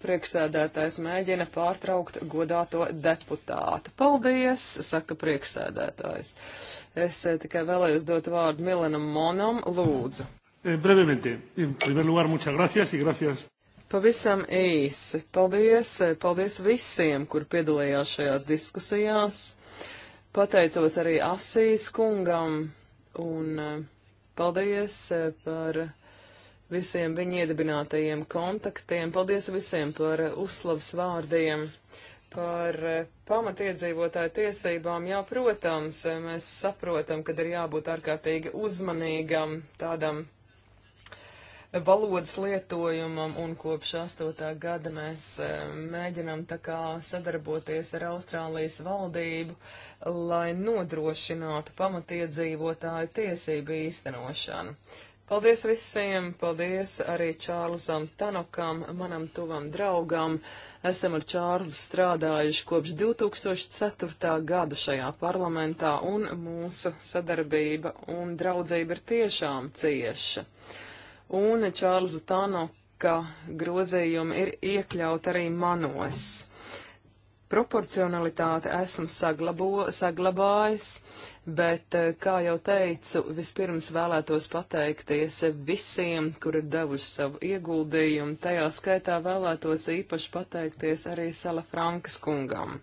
Prieksēdētājs mēģina pārtraukt godāto deputātu. Paldies, saka prieksēdētājs. Es eh, tikai vēlējos dot vārdu Milenam Monam, lūdzu. Eh, brevemente, en primer lugar, muchas gracias y gracias. Pavisam īsi. Paldies, eh, paldies visiem, kur piedalījās šajās diskusijās. Pateicos arī Asīs kungam un paldies par visiem viņa iedibinātajiem kontaktiem, paldies visiem par eh, uzslavas vārdiem, par eh, pamatiedzīvotāju tiesībām. Jā, protams, eh, mēs saprotam, ka ir jābūt ārkārtīgi uzmanīgam tādam valodas lietojumam, un kopš 8. gada mēs mēģinam tā kā sadarboties ar Austrālijas valdību, lai nodrošinātu pamatiedzīvotāju tiesību īstenošanu. Paldies visiem! Paldies arī Čārlzam Tanokam, manam tuvam draugam. Esam ar Čārlzu strādājuši kopš 2004. gada šajā parlamentā, un mūsu sadarbība un draudzība ir tiešām cieša. Un Čārlza Tanoka grozījumi ir iekļaut arī manos. Proporcionalitāte esmu saglabājis bet, eh, kā jau teicu, vispirms vēlētos pateikties visiem, kur ir devuši savu ieguldījumu. Tajā skaitā vēlētos īpaši pateikties arī Sala Frankas kungam.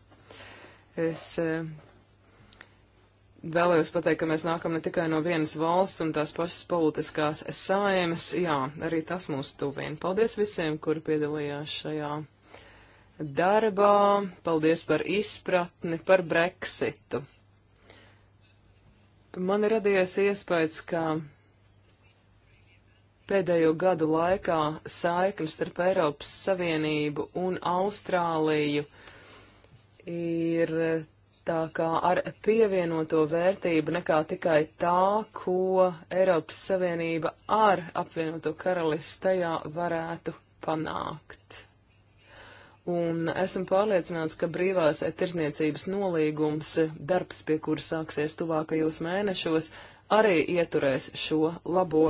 Es eh, vēlējos pateikt, ka mēs nākam ne tikai no vienas valsts un tās pašas politiskās saimes, jā, arī tas mūs tuvien. Paldies visiem, kuri piedalījās šajā darbā, paldies par izpratni, par Brexitu. Man ir radies iespējas, ka pēdējo gadu laikā saiknes starp Eiropas Savienību un Austrāliju ir tā kā ar pievienoto vērtību nekā tikai tā, ko Eiropas Savienība ar apvienoto karalisti tajā varētu panākt un esmu pārliecināts, ka brīvās tirzniecības nolīgums, darbs pie kura sāksies tuvākajos mēnešos, arī ieturēs šo labo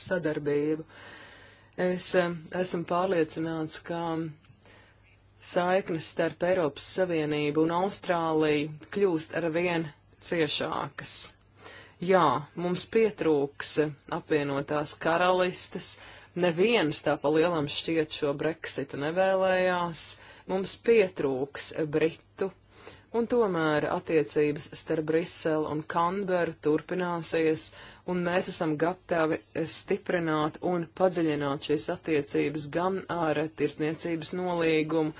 sadarbību. Es eh, esmu pārliecināts, ka saiknes starp Eiropas Savienību un Austrāliju kļūst ar vien ciešākas. Jā, mums pietrūks apvienotās karalistes, Neviens tā pa lielam šķiet šo Brexitu nevēlējās, mums pietrūks Britu, un tomēr attiecības starp Briselu un Kanberu turpināsies, un mēs esam gatavi stiprināt un padziļināt šīs attiecības gan ar tirsniecības nolīgumu,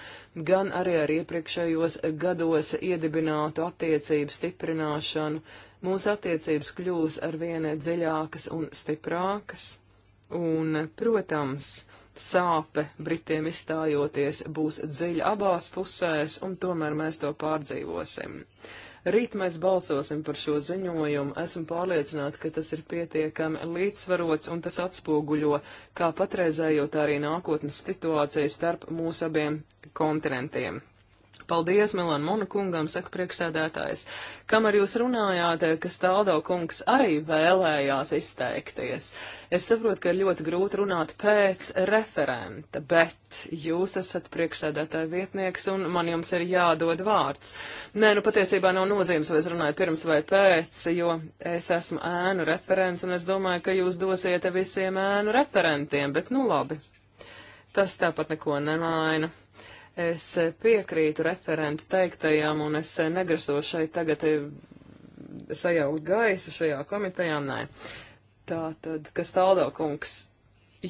gan arī ar iepriekšējos gados iedibinātu attiecību stiprināšanu. Mūsu attiecības kļūs ar vienai dziļākas un stiprākas. Un, protams, sāpe Britiem izstājoties būs dziļa abās pusēs, un tomēr mēs to pārdzīvosim. Rīt mēs balsosim par šo ziņojumu. Esmu pārliecināta, ka tas ir pietiekami līdzsvarots un tas atspoguļo kā patreizējo, tā arī nākotnes situāciju starp mūsu abiem kontinentiem. Paldies Milan Monakungam, saka priekšsēdētājs. Kamēr jūs runājāt, ka Staldo kungs arī vēlējās izteikties, es saprotu, ka ir ļoti grūti runāt pēc referenta, bet jūs esat priekšsēdētāja vietnieks un man jums ir jādod vārds. Nē, nu patiesībā nav nozīmes, vai es runāju pirms vai pēc, jo es esmu ēnu referents un es domāju, ka jūs dosiet visiem ēnu referentiem, bet nu labi. Tas tāpat neko nemaina. Es piekrītu referentu teiktajām, un es negrasos šeit tagad eh, sajaukt gaisu šajā komitejā, nē. Tā tad, kas tālākungs,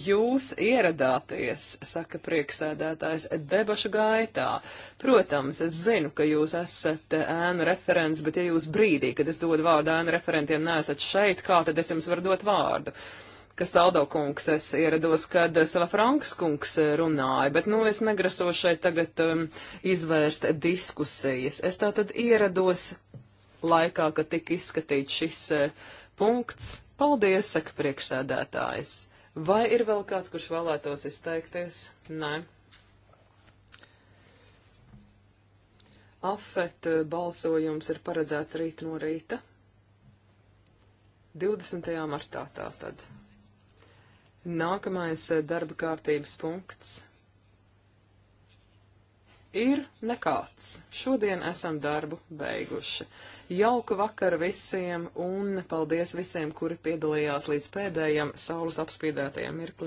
jūs ieradāties, saka prieksēdētājs, debašu gaitā. Protams, es zinu, ka jūs esat ēnu referents, bet ja jūs brīdī, kad es dodu vārdu ēnu referentiem, neesat šeit, kā tad es jums varu dot vārdu? Uh, kas Taldo kungs es ierados, kad Salafrankas kungs eh, runāja, bet, nu, es negrasos šeit tagad um, izvērst diskusijas. Es tā tad ierados laikā, kad tika izskatīts šis uh, punkts. Paldies, saka priekšsēdētājs. Vai ir vēl kāds, kurš vēlētos izteikties? Nē. Afet eh, balsojums ir paredzēts rīt no rīta. 20. martā tātad. Nākamais eh, darba kārtības punkts ir nekāds. Šodien esam darbu beiguši. Jauka vakara visiem un paldies visiem, kuri piedalījās līdz pēdējiem saules apspīdētajiem mirklim.